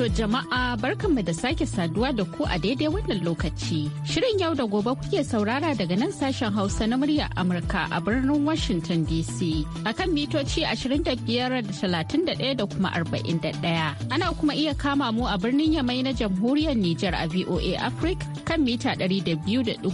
To jama'a barkanmu da sake saduwa da ku a daidai wannan lokaci. Shirin yau da gobe kuke saurara daga nan sashen Hausa na murya Amurka a birnin Washington DC. a kan mitoci 25.31 da kuma 41. Ana kuma iya kama mu a birnin Yamai na Jamhuriyar Nijar a VOA Africa kan mita 200.5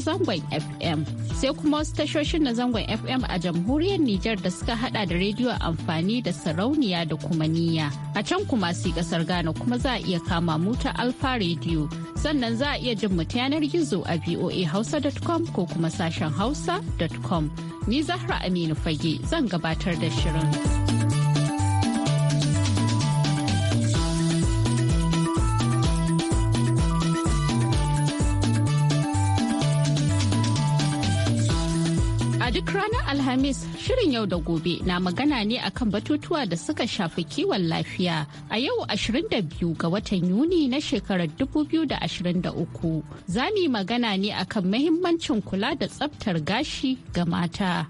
zangon FM. Sai kuma wasu tashoshin na zangon FM a Jamhuriyar Nijar da suka hada da rediyo amfani da sarauniya da kuma niyya. A can kuma si kasar Ghana. Ghana kuma za a iya kama mu ta Alfa Radio. Sannan za a iya jin mu ta yanar gizo a voahausa.com ko kuma sashen hausa.com. Ni Zahra Aminu Fage zan gabatar da shirin. ranar Alhamis shirin yau da gobe na magana ne akan batutuwa da suka shafi kiwon lafiya a yau 22 ga watan Yuni na shekarar 2023. Za magana ne akan mahimmancin kula da tsabtar gashi ga mata.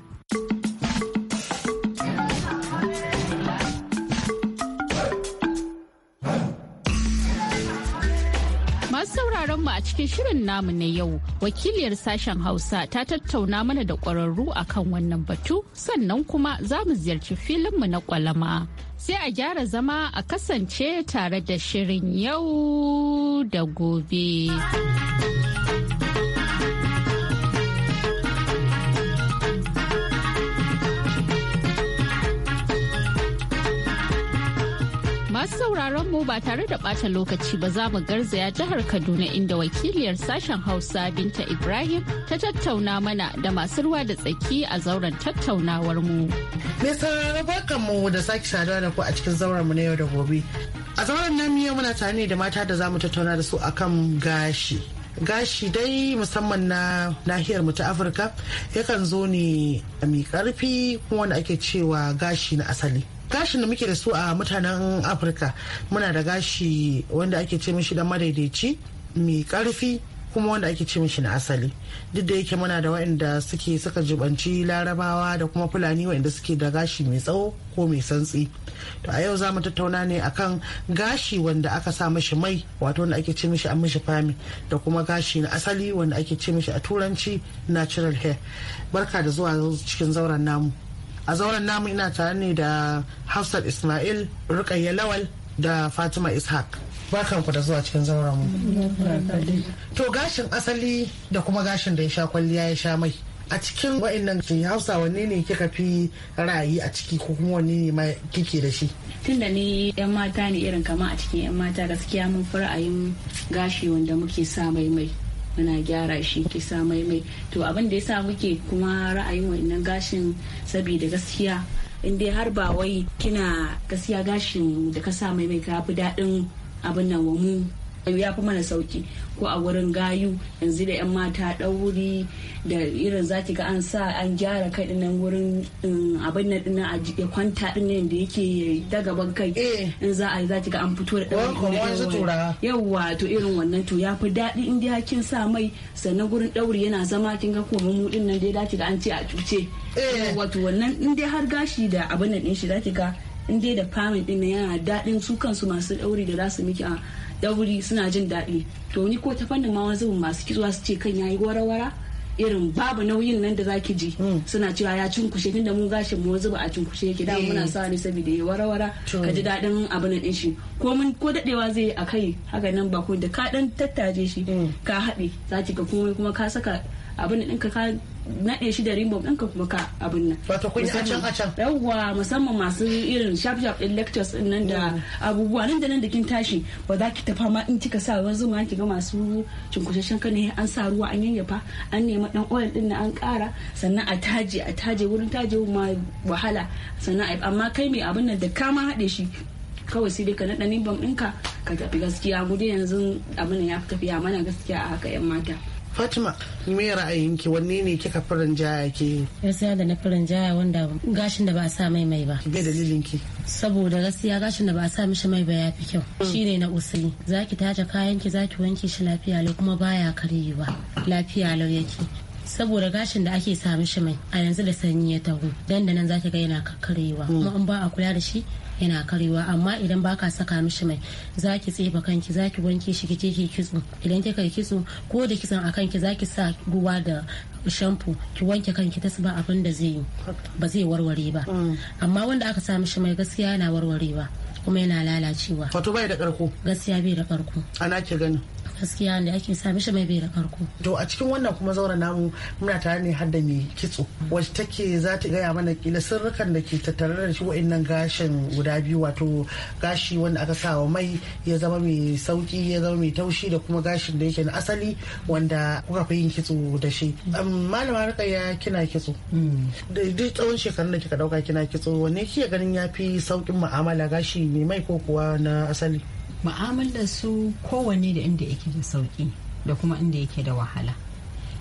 sauraron a cikin shirin namu na yau wakiliyar sashen Hausa ta tattauna mana da ƙwararru kan wannan batu sannan kuma za mu ziyarci filinmu na kwalama Sai a gyara zama a kasance tare da shirin yau da gobe. Masu sauraron mu ba tare da ɓata lokaci ba za mu garzaya jihar Kaduna inda wakiliyar sashen Hausa Binta Ibrahim ta tattauna mana da masu ruwa da tsaki a zauren tattaunawar mu. Me sarara barkan mu da sake saduwa da ku a cikin zauren mu na yau da gobe. A zauren nan yau muna tare ne da mata da za mu tattauna da su akan gashi. gashi dai musamman na nahiyar mu ta afirka yakan zo ne mai karfi kuma wanda ake cewa gashi na asali gashin da muke da su a mutanen afirka muna da gashi wanda ake ce mishi da madaidaici mai karfi kuma wanda ake ce mishi na asali duk da yake muna da waɗanda suke suka jibanci larabawa da kuma fulani waɗanda suke da gashi mai tsawo ko mai santsi to a yau za mu tattauna ne akan gashi wanda aka sa mishi mai wato wanda ake ce mishi an mishi fami da kuma gashi na asali wanda ake ce mishi a turanci natural hair barka da zuwa cikin zauren namu a zauren namu ina tare ne da hafsat ismail rukayya lawal da fatima ishaq barkanku da zuwa cikin zauren mu to gashin asali da kuma gashin da ya sha kwalliya ya sha mai a cikin wa'annan ke hausa wanne ne kika fi ra'ayi a ciki ko kuma wanne ne ma kike da shi tun da ni yan mata ne irin kama a cikin yan mata gaskiya mun fi ra'ayin gashi wanda muke sa mai mai muna gyara shi kisa maimai to abin da ya sa muke kuma ra'ayin wannan gashin saboda gaskiya in dai har ba wai kina gaskiya gashin da ka sa maimai ka fi daɗin abin nan wa mu ya fi mana sauki ko a wurin gayu yanzu da 'yan mata ɗauri da irin zaki ga an sa an gyara kai dinnan wurin um, abin nan dinnan a jike kwanta dinnan da yake daga kai eh. in za a za zaki ga an fito da ɗauri yawwa to irin wannan to ya fi daɗi in dai kin sa mai sannan gurin ɗauri yana zama kin ga komai mu dinnan dai zaki ga an ce a cuce eh. wato wannan in dai har gashi da abin nan din shi zaki ga in dai da famin din yana daɗin su kansu masu ɗauri da za su miki a dauri suna jin daɗi to ni ko ta fannin ma wani zubin masu kizuwa su ce kan yayi wara irin babu nauyin nan da zaki ji hmm. suna cewa ya cunkushe kushe da mu gashin mu zuba a cunkushe yake da muna hmm. sa ne saboda ya warawara ka ji dadin abin din shi ko mun ko dadewa zai a kai haka nan ba ko da ka dan tattaje shi hmm. ka haɗe za ka komai kuma ka saka abin din ka naɗe shi da rimbom ɗinka kuma ka abin nan. Wato kun can a can. Yawwa musamman masu irin sharp sharp ɗin lectures ɗin nan da mm. abubuwa nan da nan da kin tashi ba za ki tafa ma in kika sa ruwan zuma ki ga masu cinkushashen kan an sa ruwa an yanyafa an nema ɗan oil ɗin na an ƙara sannan a taje a taje wurin taje ma wahala sannan amma kai mai abin nan da kama haɗe shi kawai sai dai ka naɗa nimbam ɗinka ka tafi gaskiya mu dai yanzu abin ya fi tafiya mana gaskiya a haka 'yan mata. Fatima me ra'ayinki wanne ne kika farin jaya ke gaskiya da na farin jaya wanda gashin da ba a sa mai mai ba Bai dalilin ki saboda gaskiya gashin da ba a sa mishi mai ba ya fi kyau mm. shi ne na usuli ki tace kayan ki Za ki wanke shi lafiya lau kuma baya karyewa lafiya lau yake saboda gashin da ake sa mishi mai a yanzu da sanyi ya taho dandanan ki ga yana karyewa mm. kuma in ba a kula da shi yana karewa amma idan baka saka mishi mai zaki tsefa kanki zaki wanke shi kike ki kitso idan kika kitso ko da kitson a kanki zaki sa ruwa da shampo ki wanke kanki ta ba abin da zai yi ba zai warware ba mm. amma wanda aka sa mishi mai gaskiya yana warwarewa kuma yana lalacewa wato bai da karko gaskiya bai da karko ana ki gani gaskiya ne ake sa mishi mai da farko to a cikin wannan kuma zaura namu muna tare ne har mai kitso wacce take za ta gaya mana kila sirrukan da ke tattare da shi wa'annan gashin guda biyu wato gashi wanda aka sa wa mai ya zama mai sauki ya zama mai taushi da kuma gashin da yake na asali wanda kuka fi yin kitso da shi malama rika ya kina kitso hmm. da duk tsawon shekarun da kika dauka kina kitso wanne kike ganin ya fi sauƙin mu'amala gashi mai mai ko kuwa na asali mu'amalar su kowanne da inda yake da sauki da kuma inda yake da wahala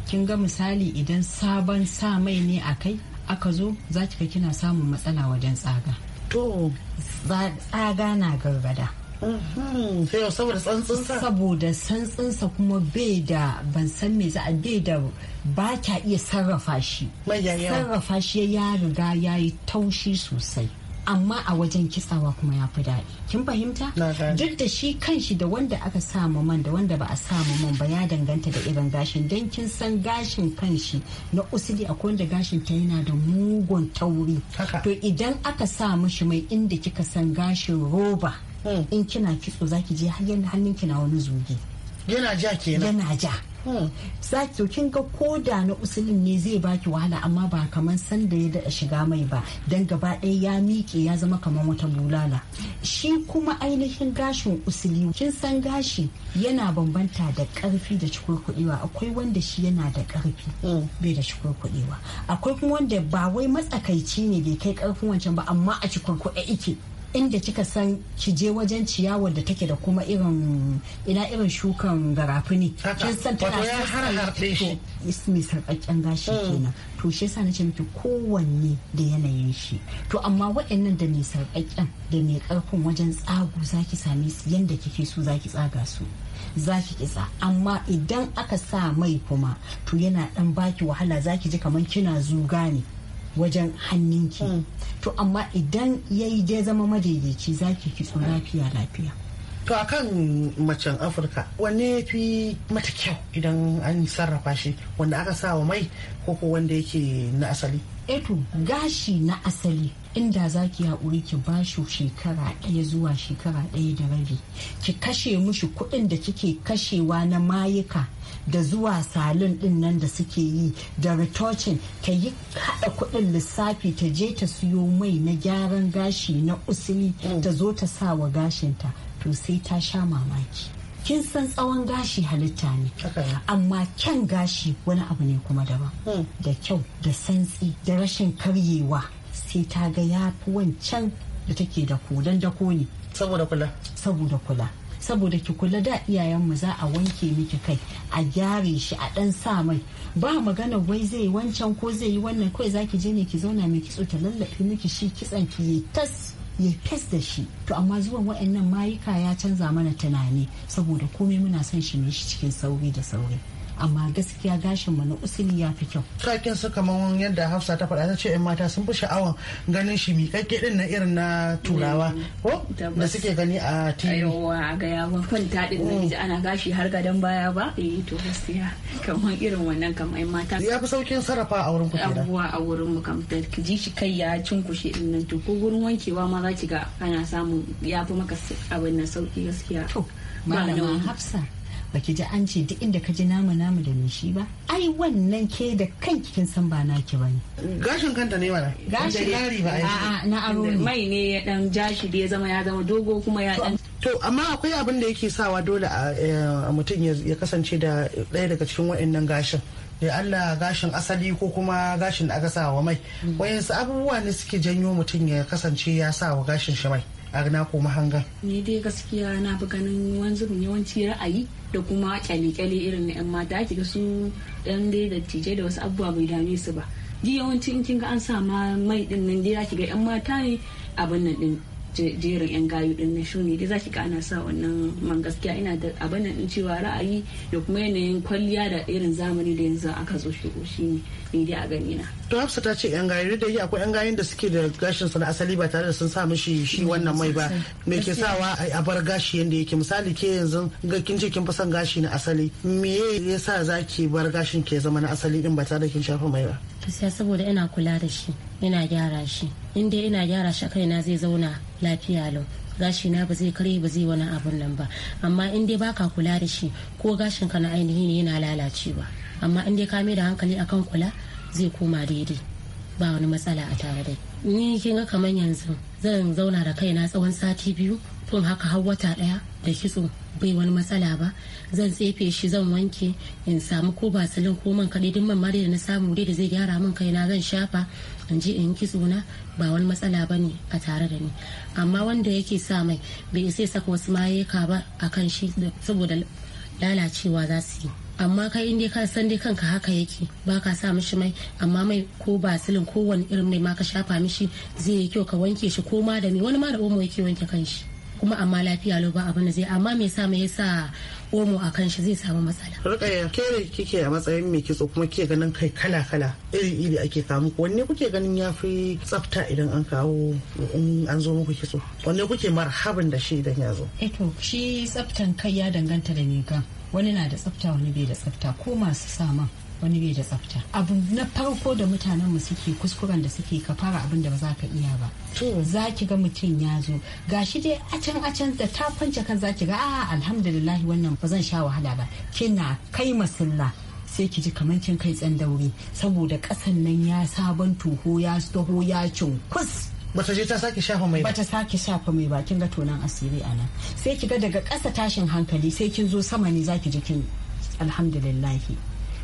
kin ga misali idan sabon sa mai ne a kai aka zo za ki kina samun matsala wajen tsaga to tsaga na gargada mm-hmm. saboda tsantsinsa saboda kuma bai da ban san me za a bai da ba kya iya sarrafa shi sarrafa shi ya riga ya yi taushi sosai amma a wajen kitsawa kuma ya fi daɗi kin fahimta duk da shi kanshi da wanda aka samu man da wanda ba a samu man ba ya danganta da irin gashin don kin san gashin kanshi na usili akwai wanda gashin ta yana da mugun tauri to idan aka sa mishi mai inda kika san gashin roba hmm. in kina kitso zaki je har hannun kina wani zugi yana ja kenan yana ja Hmm. zaki kin ga koda na usulin ne zai baki wahala amma ba kamar sanda ya daɗa shiga mai ba dan gaba ɗaya ya miƙe ya zama kamar wata bulala shi kuma ainihin gashin usuli kin san gashi yana bambanta da ƙarfi da cikurkuɗewa akwai wanda shi yana da ƙarfi hmm. bai da cikurkuɗewa akwai kuma wanda ba wai matsakaici ne bai kai ƙarfin wancan ba amma a cikurkuɗe ike inda kika san ki je wajen ciyawar da take da kuma irin ina irin shukan garafuni kin san tana ya shi mai sarƙaƙƙen gashi mm. kenan to shi yasa nace miki kowanne da yanayin shi to amma waɗannan da mai sarƙaƙƙen da mai ƙarfin wajen tsago zaki same su yanda kike so zaki tsaga su zaki kitsa amma idan aka sa mai kuma to yana dan baki wahala zaki ji kaman kina zuga ne wajen hannunki ki. Mm. to amma idan ya yi dai zama madaidaici za ki kitso lafiya lafiya to a kan macen afirka wanne fi mata kyau idan an sarrafa shi wanda aka sa wa mai ko ko wanda yake na asali eto eh gashi na asali inda za ki haƙuri ki ba shi shekara ɗaya zuwa shekara ɗaya da rabi ki kashe mushi kuɗin da kike kashewa na mayuka da zuwa salon din nan da suke yi da retouching ta yi kada kudin lissafi ta je ta siyo mai na gyaran gashi na usuli ta zo ta sa wa gashinta to sai ta sha mamaki kin san tsawon gashi halitta ne amma kyan gashi wani abu ne kuma daban hmm. da kyau da santsi da rashin karyewa sai ta ga ya fi wancan da take da kodan dako ne saboda kula saboda kula saboda ki kula da iyayenmu za a wanke miki kai a gyare shi a dan sa mai ba magana wai zai wancan ko zai yi wannan kawai zaki je ne ki zauna mai kitso ta lallafi miki shi kitsan ki yi tas ya fes da shi to amma zuwan waɗannan mayuka ya canza mana tunani saboda komai muna son shi ne shi cikin sauri da sauri amma gaskiya gashin mu na usuli ya fi kyau kakin su kaman yadda hafsa ta faɗa ta ce yan mata sun fi sha'awan ganin shi miƙaƙƙe din na irin na turawa ko da suke gani a tv a ga ya kwanta din da ana gashi har baya ba eh to gaskiya kaman irin wannan kaman yan mata ya fi saukin sarrafa a wurin kuke da abuwa a wurin mu kam da ji shi kai ya cunkushe din nan to ko wurin wankewa ma za ki ga ana samu ya fi maka abin na sauki gaskiya Malaman hafsa baki ji an ce duk inda ka ji nama nama da shi ba ai wannan ke da kan kin san ba naki bane gashin kanta ne wala gashin yari ba na aro mai ne ya dan jashi da ya zama ya zama dogo kuma ya dan to amma akwai abin da yake sawa dole a eh, mutum ya kasance da ɗaya daga cikin waɗannan gashin ya Allah gashin asali ko kuma gashin da aka sa wa mai mm. wayansu abubuwa ne suke janyo mutum ya kasance ya sa wa gashin shi mai arna ko mahanga ni dai gaskiya na fi ganin wanzu yawanci ra'ayi da kuma kyale-kyale irin na 'yan mata ki ga su dan dai da tije da wasu abubuwa bai dame su ba ji yawanci in kin ga an sa ma mai din nan dai ki ga 'yan mata ne abin nan din jerin yan gayu din na shuni dai zaki ga ana sa wannan man gaskiya ina da abin in cewa ra'ayi da kuma yanayin kwalliya da irin zamani da yanzu aka zo shigo shi ne dai a gani na to hafsa ta ce yan gayu da akwai yan gayun da suke da gashin su na asali ba tare da sun sa mishi shi mm, wannan mai ba me ke sawa a bar gashi yanda yake misali ke yanzu ga kin ce kin fi son gashi na asali me yasa zaki bar gashin ke zama na asali din ba tare da kin shafa mai ba gaskiya saboda ina kula da shi ina gyara shi in dai ina gyara shi kaina zai zauna lafiya lau gashi na ba zai kare ba zai wani abun nan ba amma in dai baka kula da shi ko gashin ka na ainihi ne yana lalacewa amma in dai ka mai da hankali akan kula zai koma daidai ba wani matsala a tare da ni kin ga kamar yanzu zan zauna da kaina tsawon sati biyu kuma haka har wata daya da kitso bai wani matsala ba zan tsefe shi zan wanke in samu ko basilin ko man kaɗai duk man mare da na samu dai da zai gyara min kai na zan shafa in je in kitso na ba wani matsala ba ne a tare da ni amma wanda yake sa mai bai isa saka wasu mayeka ba a kan shi saboda lalacewa za su yi amma kai in ka san dai kanka haka yake ba ka sa mishi mai amma mai ko basilin ko wani irin mai ma ka shafa mishi zai yi kyau ka wanke shi ko ma da ni wani ma da omo yake wanke kanshi kuma amma lafiya lo ba abin da zai amma me yasa me yasa omo a kan shi zai samu matsala. Rukaya ke ne kike a matsayin mai kitso kuma ke ganin kai kala kala iri iri ake samu wanne kuke ganin ya fi tsafta idan an kawo in an zo muku kitso wanne kuke marhaban da shi idan ya zo. Eto eh shi tsaftan kai ya danganta da me ka wani na da tsafta wani bai da tsafta ko masu saman wani bai da tsafta abu na farko da mutanen mu suke kuskuren da suke ka fara abin da ba za ka iya ba za ki ga mutum ya zo ga shi dai a can a can da ta kwance kan za ki ga a ah, alhamdulillah wannan ba zan sha wahala ba kina kai masulla sai ki ji kamar kin kai tsan daure saboda kasan nan ya sabon toho ya toho ya cunkus bata je ta sake shafa mai bata sake shafa mai ba kin ga tonan asiri a nan sai ki ga daga kasa tashin hankali sai kin zo sama ne za ki ji kin alhamdulillahi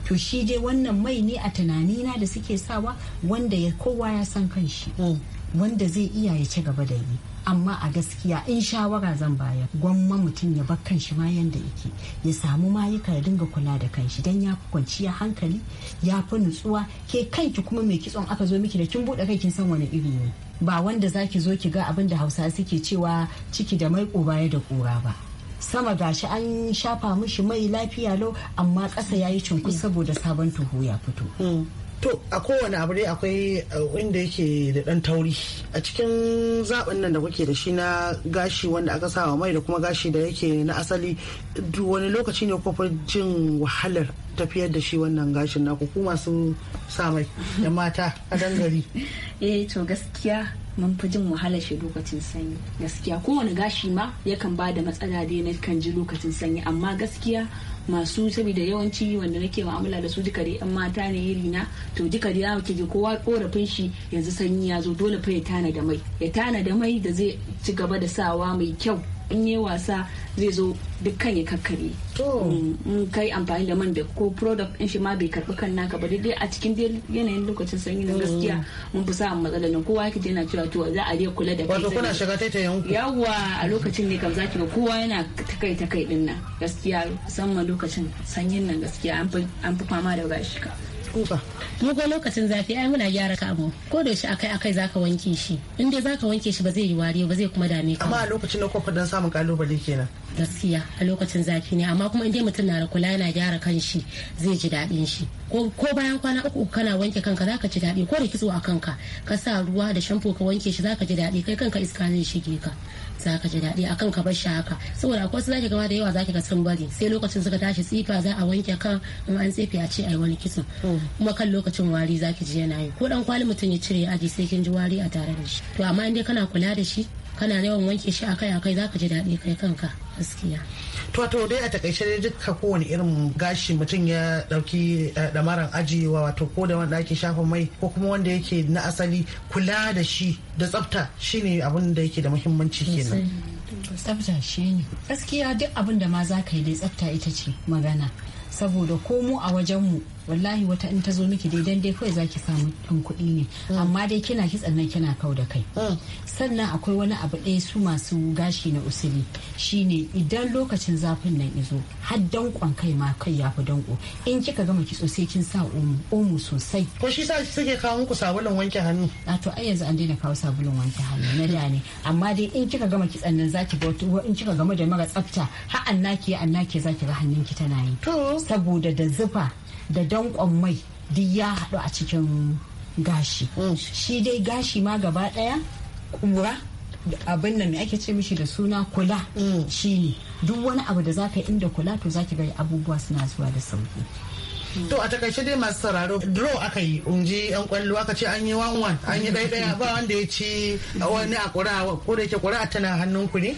to shi dai wannan mai ne a tunanina da suke sawa wanda ya kowa ya san kanshi mm. wanda zai iya ya ci gaba da yi amma a gaskiya in shawara zan baya gwamma mutum ya bar kanshi ma yanda yake ya samu mayuka ya dinga kula da kanshi dan ya fi kwanciya hankali ya fi nutsuwa ke kanki kuma mai kitson aka zo miki da kin bude kai kin san wani iri ne ba wanda zaki zo ki ga abin da hausa suke cewa ciki da mai baya da kura ba sama gashi an shafa mishi mai lafiya lau amma ƙasa ya yi cunku mm. saboda sabon tuhu ya fito mm. to a kowane abu dai akwai inda uh, yake da dan tauri a cikin zaɓin nan da kuke da shi na gashi wanda aka sawa mai da kuma gashi da yake na asali wani lokaci ne kuma jin wahalar tafiyar da shi wannan gashin naku ku masu sa mai da mata a dangare eh to gaskiya mun fi jin wahalar shi lokacin sanyi gaskiya kowane gashi ma yakan ba da matsala dai na kan ji lokacin sanyi amma gaskiya masu saboda yawanci wanda nake mu'amala da su duka dai yan mata ne iri na to duka dai zamu kike kowa korafin shi yanzu sanyi ya zo dole fa ya tana da mai ya tana da mai da zai ci gaba da sawa mai kyau in yi wasa zai zo dukkan ya kakkare mm, in kai amfani da man da ko product in shi ma bai karbi kan naka ba daidai a cikin yanayin lokacin sanyi na gaskiya mm. mun fi samun matsala nan kowa yake yana cewa to za a je kula da kai wato kuna shiga ta yanku yawa a lokacin ne kam zaki ga kowa yana ta kai takai din nan gaskiya musamman lokacin sanyin nan gaskiya an fi fama da gashi ka kuka mu ko lokacin zafi ai muna gyara ka kamu ko da yaushe akai akai zaka wanke shi in dai zaka wanke shi ba zai yi wari ba zai kuma dame ka amma a lokacin na kofa dan samun kalubale kenan gaskiya a lokacin zafi ne amma kuma indai mutum na da kula yana gyara shi zai ji daɗin shi ko bayan kwana uku kana wanke kanka zaka ji daɗi ko da kitso a kanka ka sa ruwa da shampo ka wanke shi zaka ji daɗi kai kanka iska zai shige ka zaka ji daɗi akan ka bar shi haka saboda akwai su zaki gama da yawa zaki ga sun bari sai lokacin suka tashi tsifa za a wanke kan in an tsefe a ce ai wani kitso kuma kan lokacin wari zaki ji yana yi ko dan kwali mutum ya cire aji sai kin ji wari a tare da shi to amma dai kana kula da shi kana yawan wanke shi akai akai zaka ji daɗi kai kanka gaskiya to to dai a takaice dai dukka kowane irin gashi mutum ya dauki damaran eh, ajiyewa wato ko da wanda ake shafa mai ko kuma wanda yake na asali kula da shi da tsafta shine abin da yake da muhimmanci kenan tsafta shi ne gaskiya duk abin da ma za ka yi dai tsafta ita ce magana saboda ko mu a wajenmu wallahi wata in ta zo miki dai dan dai kawai zaki samu ɗan kuɗi ne mm. amma dai kina ki tsannan kina kau da kai mm. sannan akwai wani abu ɗaya su masu gashi na usuli shine idan lokacin zafin nan izo har dankon kai ma kai ya fi danko in kika gama kitso sai kin sa omo sosai ko shi sa suke kawo muku sabulun wanke hannu a to ai yanzu an daina kawo sabulun wanke hannu na da ne amma dai in kika gama kitsan nan zaki ga in kika gama da mara tsafta har annaki annake zaki ga hannun ki tana yi saboda da zufa da dankon mai duk ya haɗu a cikin gashi mm. shi dai gashi ma gaba ɗaya ƙura abin nan ake ce mishi da suna kula mm. shi ne duk wani abu da za ka yi inda kula to za ki ga abubuwa suna zuwa da sauƙi. to a takaice dai masu sauraro draw aka yi unji yan kwallo aka ce an yi wan wan an yi ɗaya ba wanda ya ci wani a kura ko da yake kura tana hannun ku ne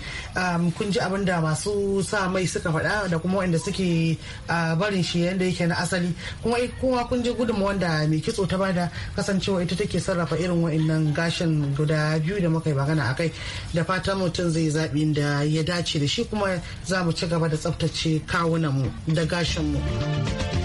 kun ji abin da masu sa mai suka faɗa da kuma wanda suke barin shi yadda yake na asali kuma eh, kowa kun ji gudun wanda mai kitso ta bada kasancewa ita take sarrafa irin wa'annan gashin guda biyu da muka yi magana akai da fatan mutum zai zaɓi da ya dace da shi kuma za mu ci gaba da tsaftace kawunanmu da gashinmu. mu.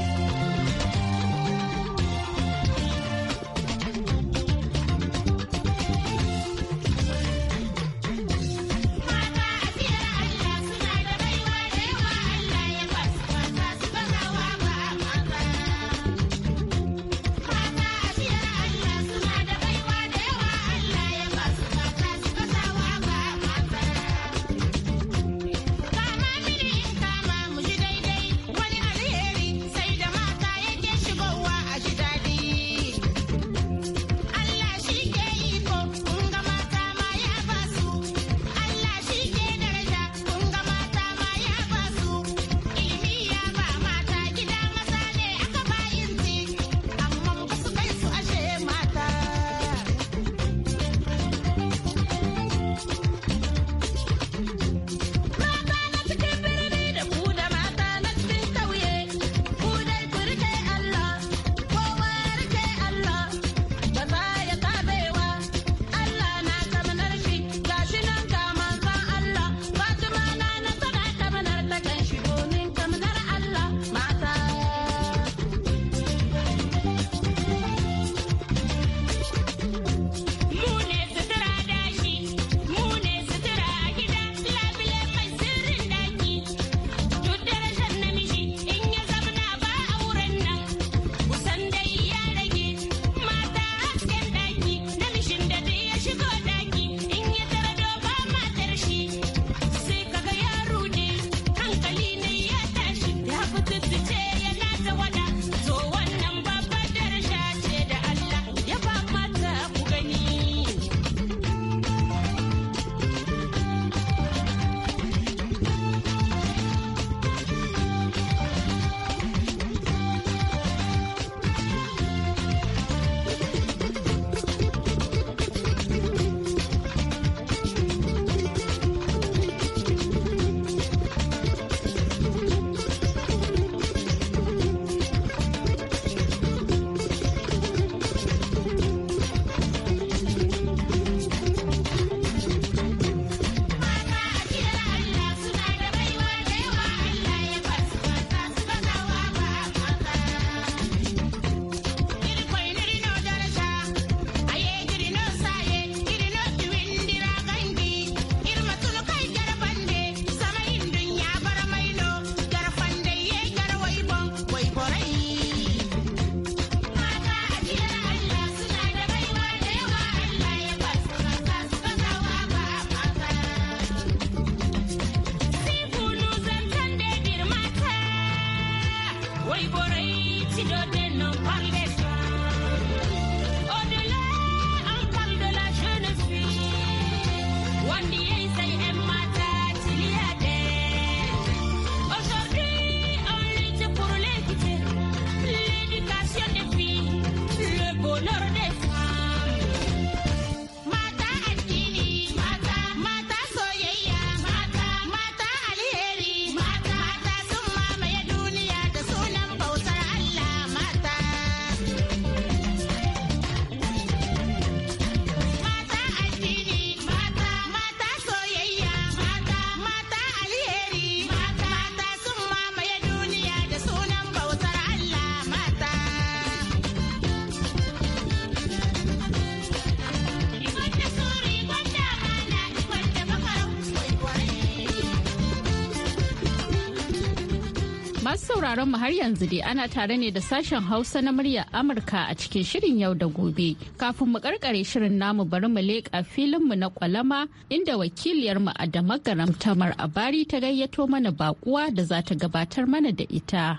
Masu sauraron mu har yanzu dai ana tare ne da sashen Hausa na murya Amurka a cikin shirin yau da gobe. Kafin mu karkare shirin namu bari mu leƙa mu na kwalama inda wakiliyarmu a damagaram Tamar Abari ta gayyato mana bakuwa da za ta gabatar mana da ita.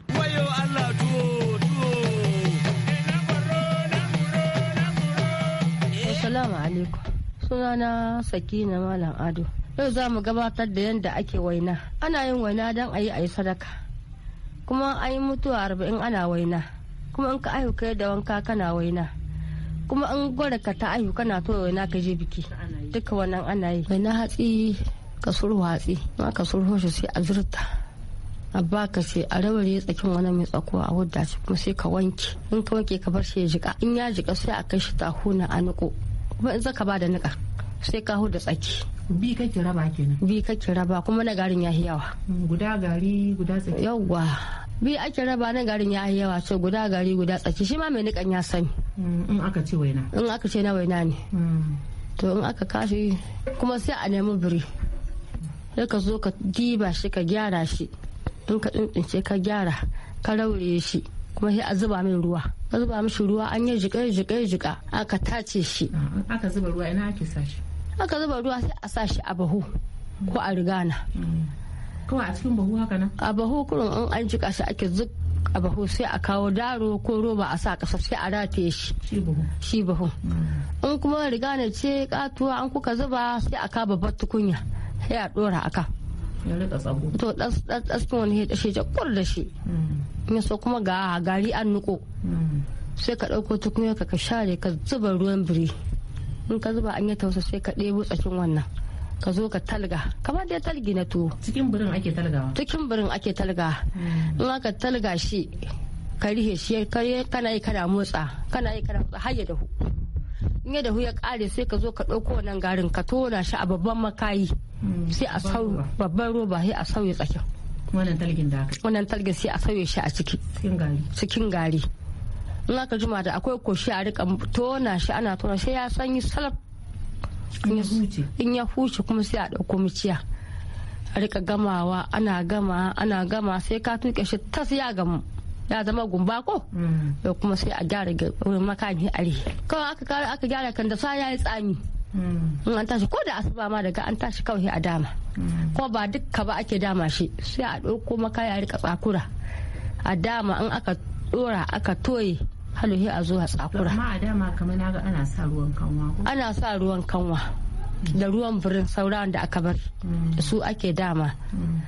Assalamu alaikum. Sunana Sakina Malam Ado. Yau za mu gabatar da yadda ake waina. Ana yin waina don a yi a yi sadaka. kuma an yi mutuwa arba'in ana waina kuma in ka ayu kai da wanka kana waina kuma an gwada ka ta ayu kana to waina ka je biki duka wannan ana yi waina hatsi ka surhu hatsi ma ka surho sai a zurta a baka sai a rabare tsakin wani mai tsakuwa a wadda shi kuma sai ka wanke in ka wanke ka bar shi ya jika in ya jika sai a kai shi tahuna a niko kuma in zaka ba da niƙa sai ka da tsaki bi kake raba kenan bi kake raba kuma na garin ya yawa mm, guda gari guda tsaki yawa bi ake raba na garin ya yawa ce guda gari guda tsaki shi ma mai nikan ya sani mm, in aka ce waina in aka ce na waina ne mm. to in aka kashi kuma sai a nemi biri sai ka zo ka diba shi ka gyara shi in ka tsintsince ka gyara ka raure shi kuma sai a zuba mai ruwa ka zuba mishi ruwa an yi jika jika jiƙa aka tace shi aka zuba ruwa ina ake sa shi aka zuba ruwa sai a sa shi a bahu ko a rigana kawai a cikin bahu haka nan a bahu kurin an an jika shi ake zuk a bahu sai a kawo daro ko roba a sa kasa sai a rataye shi shi bahu mm. in kuma rigana ce katuwa an kuka zuba sai a kaba babbar tukunya sai a dora aka to das das wani ya shi jakkur da shi mm. in so kuma ga gari an nuko mm. sai ka ɗauko tukunya ka ka share ka zuba ruwan biri in ka zuba anya tausa sai ka ɗebo tsakin wannan ka zo ka talga kamar dai talgi na tuwo cikin birin ake talgawa cikin birin ake talga hmm. in aka talga shi ka rihe shi kana yi kana motsa kana yi kana motsa har ya dahu in ya dahu ya kare sai ka zo ka ɗauko wannan garin ka tona shi a babban makayi hmm. sai a sau babban roba sai a sauya tsakin wannan talgin da aka wannan talgin sai a sauya shi a ciki cikin gari in aka juma da akwai koshi a rika tona shi ana tona sai ya sanyi salaf in ya huce kuma sai a ɗauko miciya a rika gamawa ana gama ana gama sai ka tuke shi tas ya gamu ya zama gumba ko da mm. kuma sai a gyara wurin makani rihi kawai aka kare aka gyara kan da sa ya yi tsami mm. in an tashi ko da asuba ma daga an tashi kawai a dama mm. ko ba dukka ba ake dama shi sai a ɗauko makaya a rika tsakura a dama in aka dora aka toye halohi a zo a tsakura amma a dama kamar na ga ana sa ruwan kanwa ana sa ruwan kanwa da ruwan birin sauran da aka bar da mm. su ake dama mm.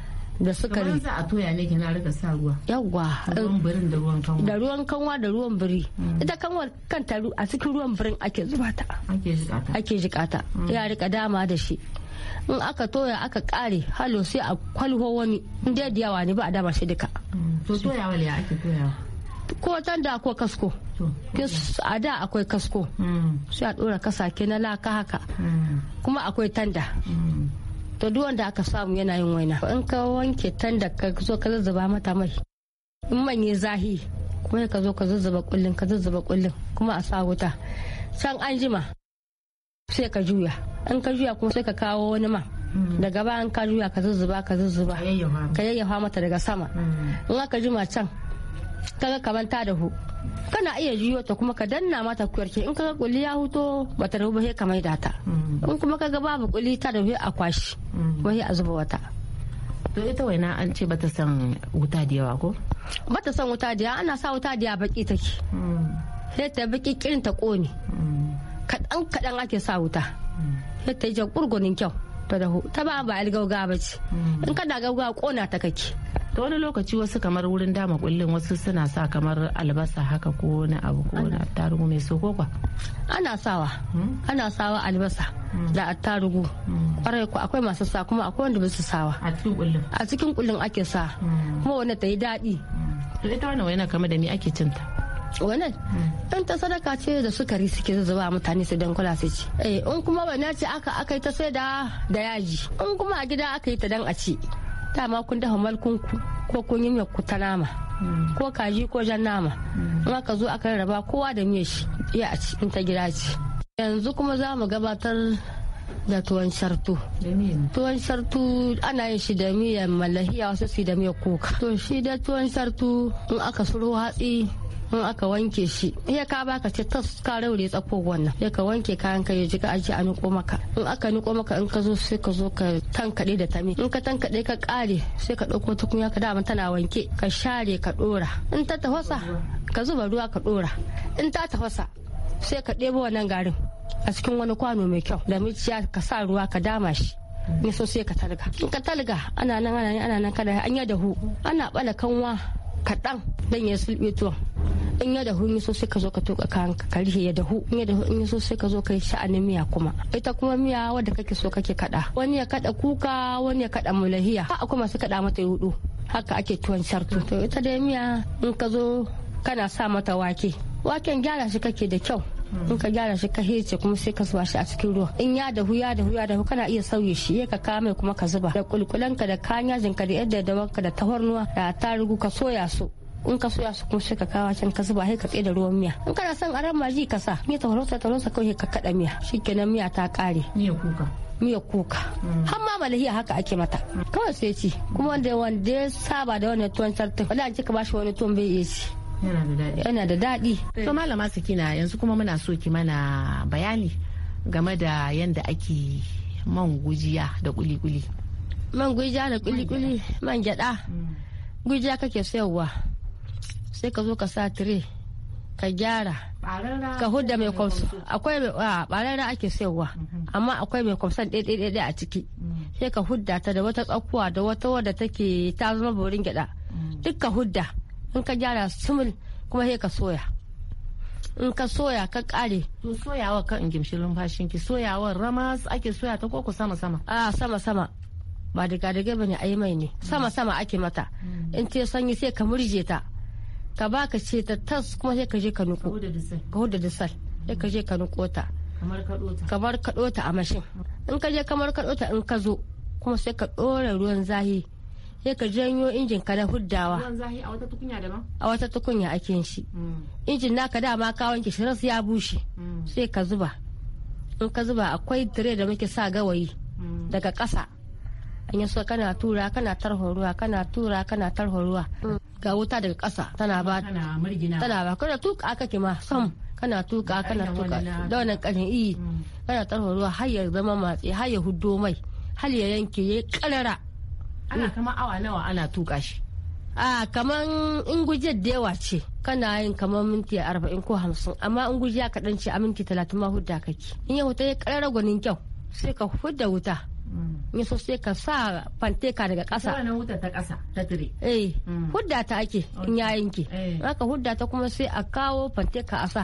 da suka za a toya ne na rika sa ruwa yawwa ruwan birin da ruwan kanwa da ruwan kanwa da ruwan biri mm. ita kanwa kanta a cikin ruwan birin ake zuba ta ake jikata ya rika dama da shi in aka toya aka kare halo sai a kwalho wani in da yawa ne ba a dama shi duka to toyawa ne ake toyawa ko tan da ko kasko a da akwai kasko mm. sai a dora ke na laka haka mm. kuma akwai tanda mm. to duk wanda aka samu yana yin waina in ka wanke tanda ka zo ka zazzaba mata mai in manye zahi kuma ka zo ka zazzaba kullum ka zazzaba kullum. kuma a sa wuta san an jima sai ka juya in ka juya kuma sai ka kawo wani ma daga ba an ka juya ka zuzzuba ka zuzzuba ka yayyafa mata daga sama in aka jima can kaga kamar ta dahu kana iya juyo ta kuma ka danna mata kuyarki in kaga kuli ya huto bata dahu ba sai ka maida ta mm. in kuma kaga babu kuli ta dahu a kwashi wai mm. a zuba wata to ita waina an ce bata san wuta da yawa ko bata san wuta da ana sa wuta da baki take sai mm. ta baki kirin ta kone kadan kadan ake sa wuta sai ta yi kurgunin kyau ta dahu ta ba ba gauga ba ce mm. in kana gauga kona ta kake to wani lokaci wasu kamar wurin dama kullun wasu suna sa kamar albasa haka ko wani abu ko wani attarugu mai soko kwa ana sawa mm. ana sawa albasa mm. da attarugu kwarai ku akwai masu sa kuma akwai wanda ba su sawa a cikin kullun a cikin kullun ake sa kuma wanda ta yi daɗi to ita wannan wani kama da me ake cinta wannan Ɗan ta sadaka ce da sukari suke zuba mutane su dan kula su ci eh in kuma na ce aka aka ta sai da da yaji in kuma a gida aka yi ta dan a ci dama kun dafa malkun ku ko kun yi ku ta nama ko kaji ko jan nama in aka zo aka raba kowa da miye shi iya a ci in ta gida ce yanzu kuma za mu gabatar da tuwon shartu. Tuwon shartu ana yin shi da miyan malahiya wasu su da miyan kuka. To shi da tuwon shartu in aka suru hatsi in aka wanke shi ya ka baka ce tas ka raure tsako wannan ya ka wanke kayan ka ya ji ka aje a niko maka in aka niko maka in ka zo sai ka zo ka tankade da tami in ka tankade ka kare sai ka dauko tukunya ka dama tana wanke ka share ka dora in ta tafasa ka zuba ruwa ka dora in ta tafasa sai ka debo wannan garin a cikin wani kwano mai kyau da miciya ka sa ruwa ka dama shi ne so sai ka talga in ka talga ana nan ana nan ana nan kada an ya dahu ana bala kanwa kaɗan dan ya sulɓe tuwon in ya dahu in so sai ka zo ka tuka kanka ka karhe ya dahu in ya dahu in so sai ka zo ka yi sha'anin miya kuma ita kuma miya wadda kake so kake kada wani ya kada kuka wani ya kada mulahiya ha akwai masu kada mata hudu haka ake tuwon sharto to ita dai miya in ka zo kana sa mata wake waken gyara shi kake da kyau in ka gyara shi ka hece kuma sai ka zuba shi a cikin ruwa in ya dahu ya dahu ya dahu kana iya sauye shi ya ka kame kuma ka zuba da kulkulanka da kayan yajinka da yadda da wanka da tawarnuwa da tarugu ka soya su in ka soya su kuma sai ka kawo can ka zuba sai ka tsaye da ruwan miya in kana son aran maji ka sa miya ta horosa ta horosa kawai ka kada miya shikenan miya ta kare miya kuka miya kuka mm. har ma malahiya haka ake mata kawai sai ci kuma wanda wanda ya saba da wannan tuwon sarta wanda an cika bashi wani tuwon bai iya ci yana da daɗi to malama sakina yanzu kuma muna so ki mana bayani game da yanda ake man gujiya da kuli-kuli man gujiya da kuli-kuli man gyada mm. gujiya kake sayarwa sai ka zo ka sa tire ka gyara ka hudda mai kwamsa akwai barara ake sayarwa mhm. amma akwai mai kwamsa ɗaiɗaiɗaiɗai a ciki mm. sai ka hudda ta da wata tsakuwa da wata wadda take ta zama borin gyada mm. duk ka hudda in ka gyara sumul kuma sai ka soya in ka soya ka kare to soyawa kan in gimshi lumfashin ki soyawa rama ake soya ta koko sama sama a sama sama ba daga daga bane ayi mai ne sama sama ake mata mm. in te sanyi sai ka murje ta ka ba ka ce ta tas kuma sai ka je ka nuko ka huda da sal sai ka je ka nuko ta kamar ka ta a mashin in ka je kamar ka ta in ka zo kuma sai ka ɗora ruwan zahi sai ka janyo injin ka na huddawa ruwan zahi a wata tukunya a ake shi mm. injin naka dama ka ki shi ras ya bushe mm. sai ka zuba in ka zuba akwai dire da muke sa gawayi mm. daga ƙasa an so kana tura kana tarhon ruwa kana tura kana tarhon ruwa ga wuta daga ƙasa tana ba tana ba kana tuka aka ke ma sam kana tuka kana tuka da wannan ƙarin iyi mm. kana tarho ruwa har ya zama matsi har ya huddo mai har ya yanke ya karara ana mm. kama awa nawa ana tuka shi a kaman in guje da yawa ce kana yin kaman minti arba'in ko hamsin amma in ya kaɗan ce a minti talatin ma hudda kake in ya huta ya karara gwanin kyau sai ka hudda wuta in so sai ka sa fanteka daga ƙasa wannan wuta ta kasa ta tire eh mm. hudda ta ake in ya yanke haka eh. hudda ta kuma sai a kawo fanteka a sa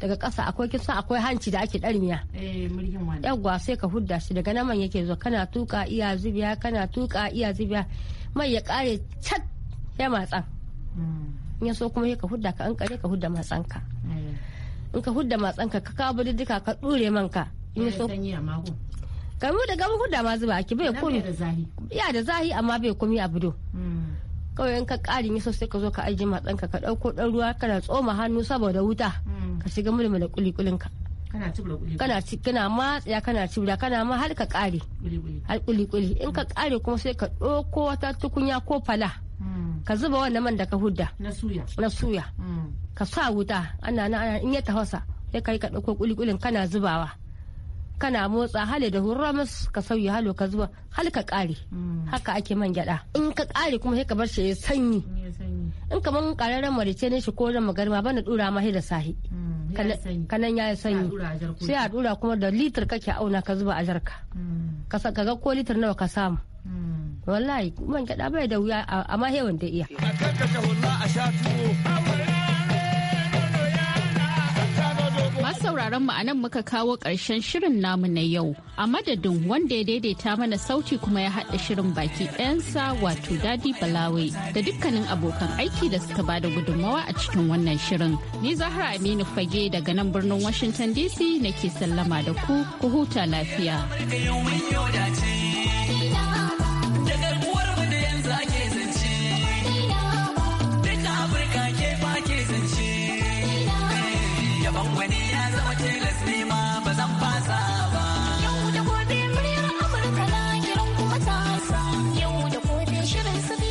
daga kasa akwai kisa akwai hanci da ake darmiya eh wani Yawwa sai ka hudda shi daga naman yake zo kana tuka iya zubiya kana tuka iya zubiya mai ya kare cat ya matsan. Mm. In ya so kuma sai ka hudda ka an kare ka hudda matsanka. Eh. In ka hudda matsanka ka kawo duka ka dure manka. In ya eh, so gamu da gamu da ma zuba ake bai komi ya da zahi amma bai komi a budo hmm. kawai in ka ƙari ni sai ka zo ka ajiye matsanka ka ɗauko ɗan ruwa kana tsoma hannu saboda wuta hmm. ka shiga mulmula kulikulin ka kana ci kana matsaya kana cibra kana ma har ka ƙare har kulikuli in ka ƙare kuma sai ka ɗauko wata tukunya ko fala hmm. ka zuba wannan man da ka hudda na suya ka sa wuta ana na ana in ya tafasa sai ka yi ka ɗauko kulikulin kana zubawa kana motsa hali da hurra masu ka sauya halo ka zuwa hali ka kare mm. haka ake man gyada in ka kare kuma sai ka bar shi ya sanyi in ka man kararren marice ne shi ko ran magarma bana dura ma da sahi mm, kanan ya sanyi sai a dura kuma da litir kake auna ka zuba a jarka mm. ka ga ko litir nawa ka samu wallahi man gyada bai da wuya amma hewan da iya a a sha tuwo sauraron mu anan muka kawo ƙarshen shirin namu na yau. A madadin wanda ya daidaita mana sauti kuma ya haɗa shirin baki ɗayansa wato Dadi balawai da dukkanin abokan aiki da suka bada gudummawa a cikin wannan shirin. Ni Zahra Aminu Fage daga nan birnin Washington DC nake sallama da ku, ku huta lafiya.